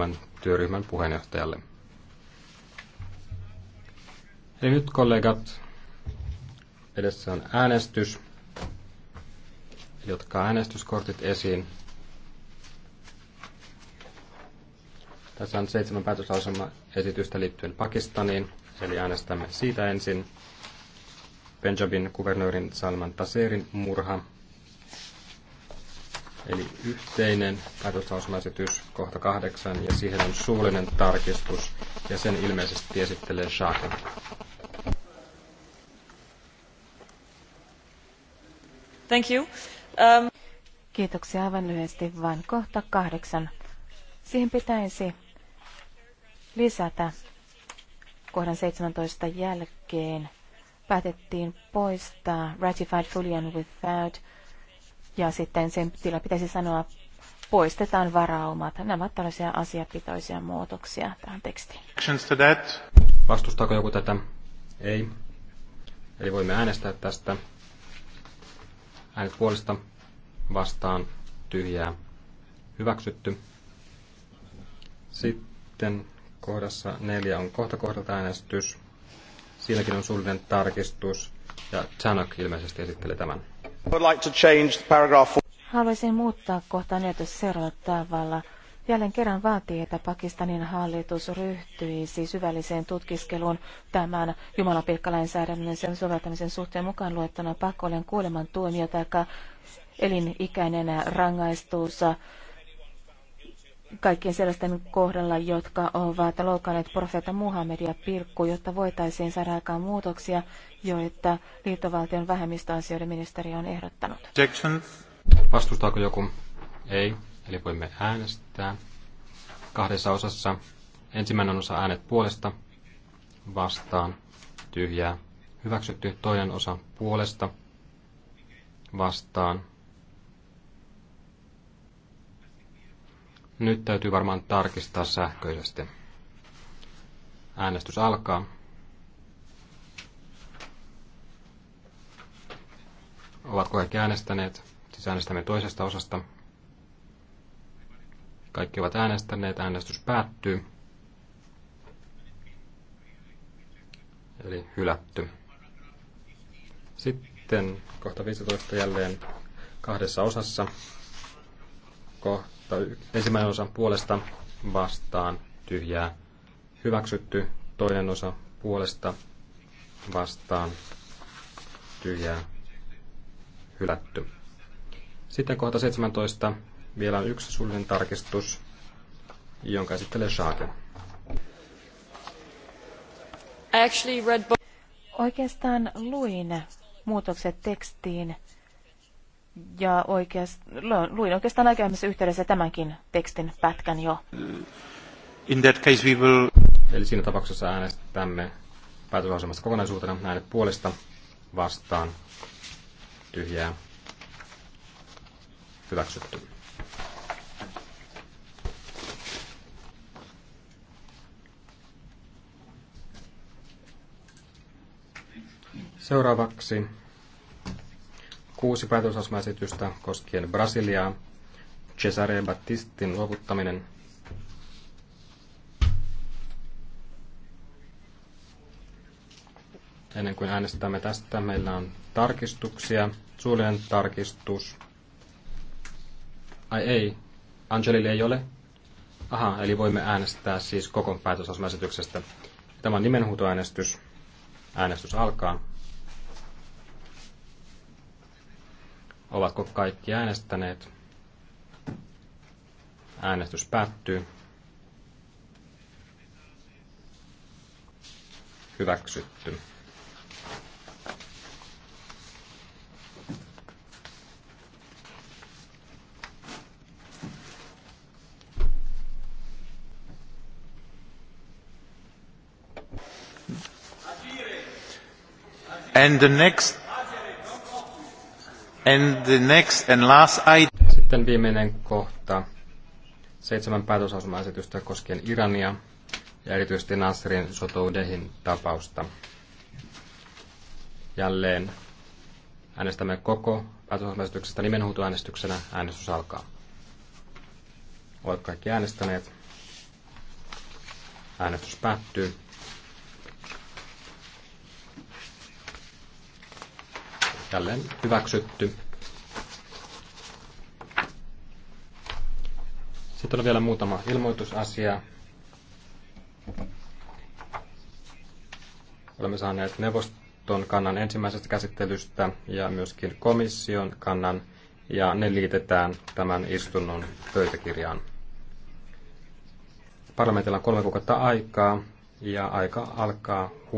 tämän työryhmän puheenjohtajalle. Eli nyt kollegat, edessä on äänestys. Eli äänestyskortit esiin. Tässä on seitsemän esitystä liittyen Pakistaniin, eli äänestämme siitä ensin. Benjamin kuvernöörin Salman Taserin murha, Eli yhteinen päätöslausumaesitys kohta kahdeksan ja siihen on suullinen tarkistus ja sen ilmeisesti esittelee Shaken. Thank you. Um... Kiitoksia aivan lyhyesti vain kohta kahdeksan. Siihen pitäisi lisätä kohdan 17 jälkeen päätettiin poistaa ratified fully and without – ja sitten sen tila pitäisi sanoa poistetaan varaumat. Nämä ovat tällaisia asiapitoisia muutoksia tähän tekstiin. Vastustaako joku tätä? Ei. Eli voimme äänestää tästä. Äänet puolesta vastaan tyhjää hyväksytty. Sitten kohdassa neljä on kohta kohdalta äänestys. Siinäkin on suullinen tarkistus ja Chanak ilmeisesti esittelee tämän. Haluaisin muuttaa kohta 14 seuraavalla tavalla. Jälleen kerran vaatii, että Pakistanin hallitus ryhtyisi syvälliseen tutkiskeluun tämän jumalapilkkalainsäädännön sen soveltamisen suhteen mukaan luettuna pakollinen kuolemantuomio tai elinikäinen rangaistus kaikkien sellaisten kohdalla, jotka ovat loukanneet profeetta Muhammedia pilkku, jotta voitaisiin saada aikaan muutoksia, joita liittovaltion vähemmistöasioiden ministeri on ehdottanut. Jackson. Vastustaako joku? Ei. Eli voimme äänestää kahdessa osassa. Ensimmäinen osa äänet puolesta, vastaan, tyhjää, hyväksytty. Toinen osa puolesta, vastaan, Nyt täytyy varmaan tarkistaa sähköisesti. Äänestys alkaa. Ovatko kaikki äänestäneet? Siis äänestämme toisesta osasta. Kaikki ovat äänestäneet. Äänestys päättyy. Eli hylätty. Sitten kohta 15 jälleen kahdessa osassa. Kohta ensimmäinen osa puolesta vastaan tyhjää hyväksytty, toinen osa puolesta vastaan tyhjää hylätty. Sitten kohta 17 vielä on yksi suullinen tarkistus, jonka esittelee Shaake. Oikeastaan luin muutokset tekstiin ja oikeast, luin oikeastaan aikaisemmassa yhteydessä tämänkin tekstin pätkän jo. In that case we will... Eli siinä tapauksessa äänestämme päätöslauselmasta kokonaisuutena äänet puolesta vastaan tyhjää hyväksytty. Seuraavaksi kuusi päätösasmaesitystä koskien Brasiliaa, Cesare Battistin luovuttaminen. Ennen kuin äänestämme tästä, meillä on tarkistuksia. Suullinen tarkistus. Ai ei, Angelille ei ole. Aha, eli voimme äänestää siis koko päätösasmaesityksestä. Tämä on nimenhuutoäänestys. Äänestys alkaa. Ovatko kaikki äänestäneet? Äänestys päättyy. Hyväksytty. And the next And the next and last item. Sitten viimeinen kohta. Seitsemän päätösasumaesitystä koskien Irania ja erityisesti Nasrin Sotoudehin tapausta. Jälleen äänestämme koko päätösasumaesityksestä nimenhuutoäänestyksenä. Äänestys alkaa. Olet kaikki äänestäneet. Äänestys päättyy. Jälleen hyväksytty. Sitten on vielä muutama ilmoitusasia. Olemme saaneet neuvoston kannan ensimmäisestä käsittelystä ja myöskin komission kannan, ja ne liitetään tämän istunnon pöytäkirjaan. Parlamentilla on kolme kuukautta aikaa, ja aika alkaa huomioon.